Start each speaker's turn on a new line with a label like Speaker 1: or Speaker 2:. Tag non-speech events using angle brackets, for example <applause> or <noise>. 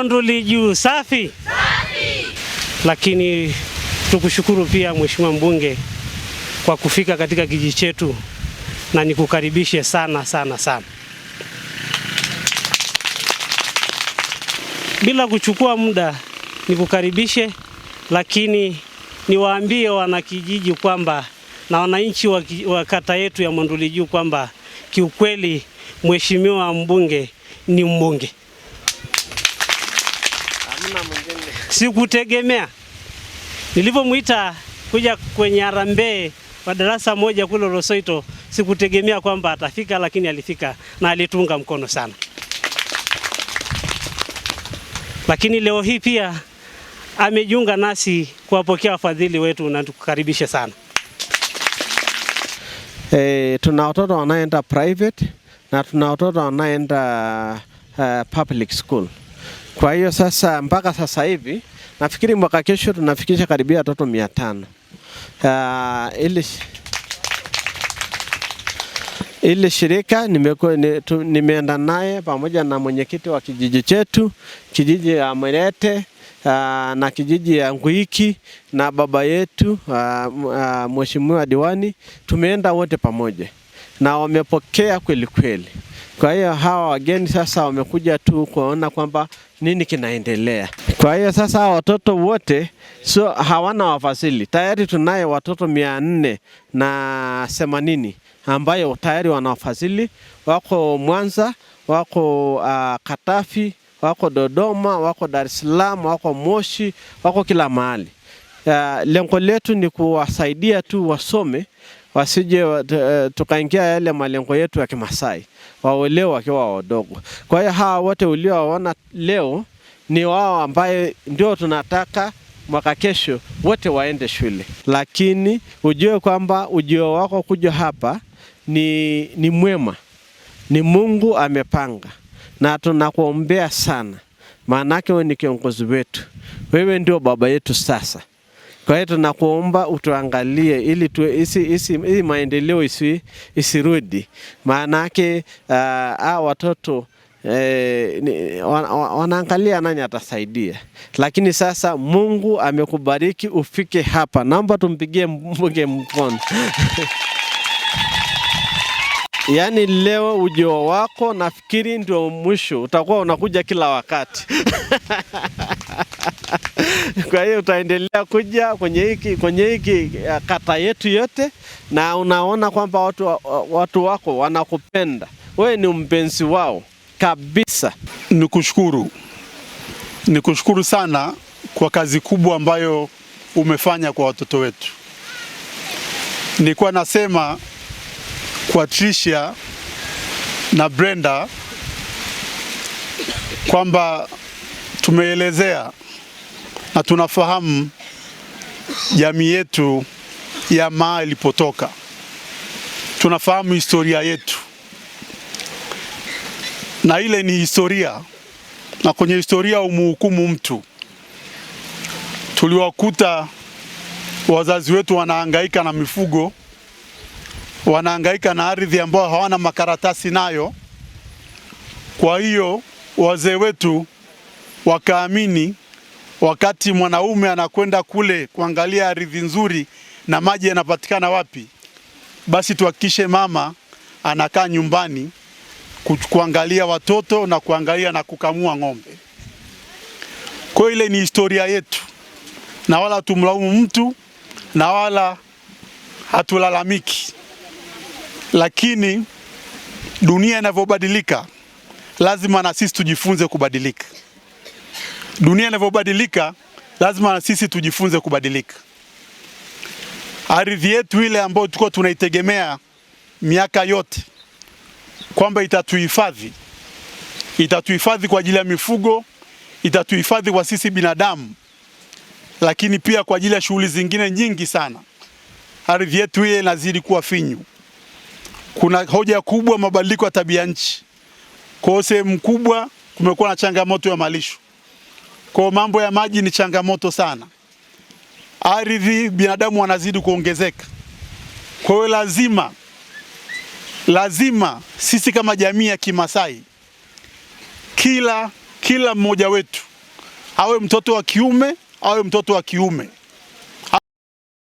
Speaker 1: Monduli juu safi,
Speaker 2: safi.
Speaker 1: Lakini tukushukuru pia Mheshimiwa mbunge kwa kufika katika kijiji chetu na nikukaribishe sana sana sana. Bila kuchukua muda nikukaribishe, lakini niwaambie wanakijiji kwamba na wananchi wa kata yetu ya Monduli juu kwamba kiukweli Mheshimiwa mbunge ni mbunge. Sikutegemea nilivyomwita kuja kwenye harambee wa darasa moja kule rosoito sikutegemea kwamba atafika, lakini alifika na alitunga mkono sana. Lakini leo hii pia amejiunga nasi kuwapokea wafadhili wetu na tukukaribishe sana.
Speaker 3: E, tuna watoto wanaenda private na tuna watoto wanaenda uh, eh, public school. Kwa hiyo sasa mpaka sasa hivi nafikiri mwaka kesho tunafikisha karibia watoto mia tano. Uh, ili, ili shirika nimekuwa nimeenda naye pamoja na mwenyekiti wa kijiji chetu kijiji ya Mwerete Uh, na kijiji ya Nguiki na baba yetu uh, uh, mheshimiwa diwani, tumeenda wote pamoja na wamepokea kweli kweli. Kwa hiyo hawa wageni sasa wamekuja tu kuona kwamba nini kinaendelea. Kwa hiyo sasa watoto wote so hawana wafasili. Tayari tunaye watoto mia nne na themanini ambayo tayari wana wafasili, wako Mwanza, wako uh, Katafi, wako Dodoma, wako Dar es Salaam, wako Moshi, wako kila mahali. Uh, lengo letu ni kuwasaidia tu wasome wasije eh, tukaingia yale malengo yetu ya Kimasai, waolewe wakiwa wadogo. Kwa hiyo hawa wote uliowaona leo ni wao ambaye ndio tunataka mwaka kesho wote waende shule, lakini ujue kwamba ujio wako kuja hapa ni, ni mwema, ni Mungu amepanga, na tunakuombea sana, maanake wewe ni kiongozi wetu, wewe ndio baba yetu sasa kwa hiyo tunakuomba utuangalie ili tu, isi, isi, isi maendeleo isi, isirudi. Maanake uh, watoto eh, ni, wan, wanaangalia nani atasaidia, lakini sasa Mungu amekubariki ufike hapa. Naomba tumpigie mbunge mkono <laughs> yaani leo ujio wako nafikiri ndio mwisho, utakuwa unakuja kila wakati <laughs> <laughs> Kwa hiyo utaendelea kuja kwenye hiki kwenye hiki eh, kata yetu yote, na unaona kwamba watu, watu wako wanakupenda wewe, ni mpenzi wao kabisa.
Speaker 4: Nikushukuru, nikushukuru sana kwa kazi kubwa ambayo umefanya kwa watoto wetu. Nilikuwa nasema kwa Tricia na Brenda kwamba tumeelezea na tunafahamu jamii yetu ya Maa ilipotoka, tunafahamu historia yetu, na ile ni historia, na kwenye historia umuhukumu mtu. Tuliwakuta wazazi wetu wanahangaika na mifugo, wanahangaika na ardhi ambayo hawana makaratasi nayo. Kwa hiyo wazee wetu wakaamini wakati mwanaume anakwenda kule kuangalia ardhi nzuri na maji yanapatikana wapi, basi tuhakikishe mama anakaa nyumbani kuangalia watoto na kuangalia na kukamua ng'ombe. Kwa ile ni historia yetu, na wala hatumlaumu mtu na wala hatulalamiki, lakini dunia inavyobadilika lazima na sisi tujifunze kubadilika dunia inavyobadilika, lazima sisi tujifunze kubadilika. Ardhi yetu ile ambayo tulikuwa tunaitegemea miaka yote kwamba itatuhifadhi, itatuhifadhi kwa ajili ya mifugo, itatuhifadhi kwa sisi binadamu, lakini pia kwa ajili ya shughuli zingine nyingi sana, ardhi yetu ile inazidi kuwa finyu. Kuna hoja kubwa mabadiliko ya tabia nchi, kwa sehemu kubwa kumekuwa na changamoto ya malisho. Kwa mambo ya maji ni changamoto sana. Ardhi, binadamu wanazidi kuongezeka, kwa hiyo lazima lazima sisi kama jamii ya Kimasai kila kila mmoja wetu awe mtoto wa kiume awe mtoto wa kiume